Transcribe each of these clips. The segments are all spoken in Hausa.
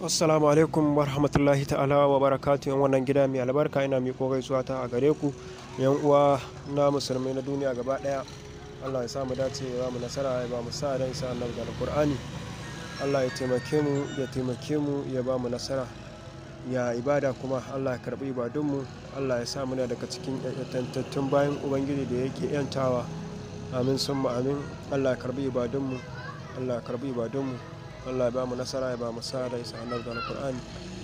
assalamu alaikum warahmatullahi ta'ala wa barakatu yan wannan gida mai albarka ina mai kogai zuwa ta a gare ku yan uwa na musulmai na duniya gaba daya allah ya sa mu dace ya mu nasara ya ba mu sa ran sa annabi da alqur'ani allah ya taimake mu ya taimake mu ya ba mu nasara ya ibada kuma allah ya karbi ibadunmu allah ya sa muna daga cikin yantattun bayan ubangiji da yake yantawa amin sun amin allah ya karbi mu allah ya karbi ibadunmu Allah ya ba mu nasara ya ba mu sa da sa annabi da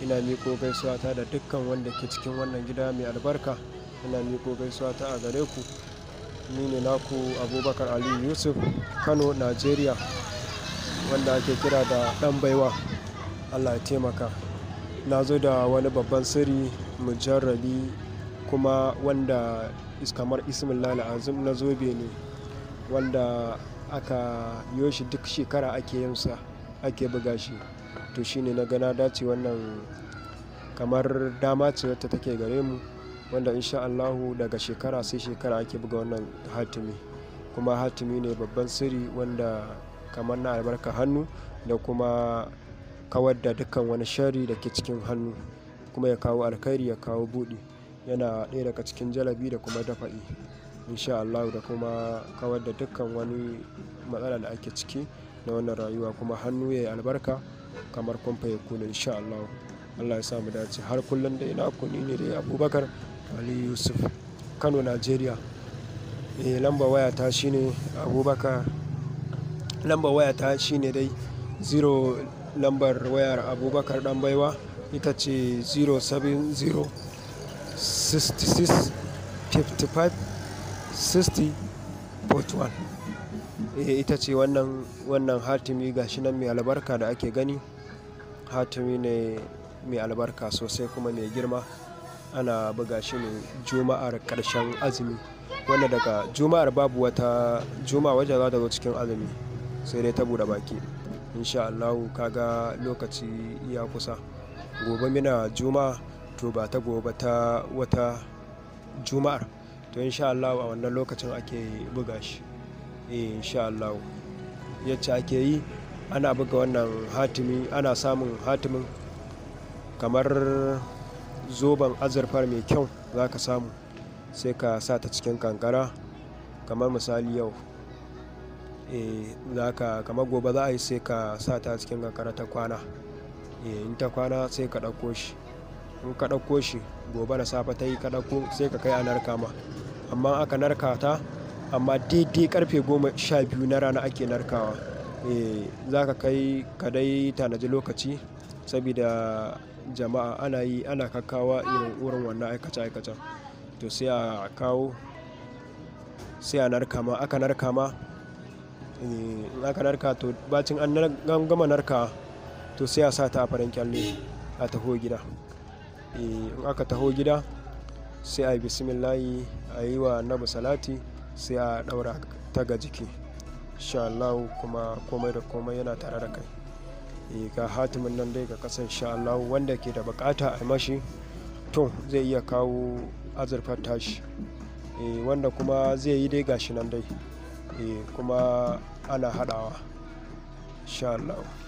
ina miko gaisuwa ta da dukkan wanda ke cikin wannan gida mai albarka ina miko gaisuwa ta a gare ku ni ne naku abubakar ali yusuf kano Najeriya wanda ake kira da dan baiwa allah ya taimaka na zo da wani babban sirri mujarrabi kuma wanda kamar ismillah azum na zobe ne wanda aka yoshi duk shekara ake yinsa ake buga shi to shine na gana dace wannan kamar dama ce wata take gare mu wanda insha Allahu daga shekara sai shekara ake buga wannan hatimi kuma hatimi ne babban sirri wanda kamar na albarka hannu da kuma kawar da dukkan wani shari da ke cikin hannu kuma ya kawo alkhairi ya kawo buɗe yana ɗaya daga cikin jalabi da kuma dafa'i insha Allahu da kuma kawar da dukkan wani matsala da ake ciki na wannan rayuwa kuma hannu ya yi albarka kamar kumfa ya kuna insha Allah Allah ya sa mu dace har kullum da ina kuni ne da Abubakar Ali Yusuf Kano Nigeria eh lamba waya ta shine Abubakar lamba waya ta shine dai 0 lambar wayar Abubakar dan baiwa ita ce 070 66 55 60 41 Eh ita ce wannan, hatimi hatimi gashi nan mai albarka da ake gani. Hatimi ne mai albarka sosai kuma mai girma. Ana buga shi ne Juma'ar ƙarshen azumi. Wanda daga Juma'ar babu wata Juma'a wajen za ta zo cikin azumi sai dai ta bude baki. insha Allahu ka lokaci ya kusa. Gobe mina Juma'a to ba ta gobe ta wata Juma'ar. To insha Allahu a wannan lokacin ake buga shi. Eh, Inshallah Allah ake yi ana buga wannan hatimi ana samun hatimin kamar zoben azurfar mai kyau za ka samu sai ka sa ta cikin kankara kamar misali yau eh, za ka kamar gobe za a yi sai ka sa ta cikin kankara ta kwana eh, in ta kwana sai ka ɗauko shi in ka ɗauko shi gobe da safe ta yi ka ɗauko sai ka kai a narka ma amma aka narka ta amma daidai karfe goma sha biyu na rana ake narkawa eh, za ka kai kadai tanaji lokaci saboda jama'a ana yi ana kakawa irin wurin wannan aikace aikace to sai a kawo sai a narka ma aka narka ma eh, in aka narka to bacin an gama narka to sai a sa ta a farin kyalle a taho gida eh, in aka taho gida sai a yi bismillahi a yi wa annabi salati sai a ɗaura ta ga jiki insha Allah kuma komai da komai yana tare da kai eh, ga hatimin nan dai ga kasan insha Allah wanda ke da bukata a mashi to zai iya kawo azurfar tashi eh, wanda kuma zai yi dai gashi nan dai eh, kuma ana haɗawa Allah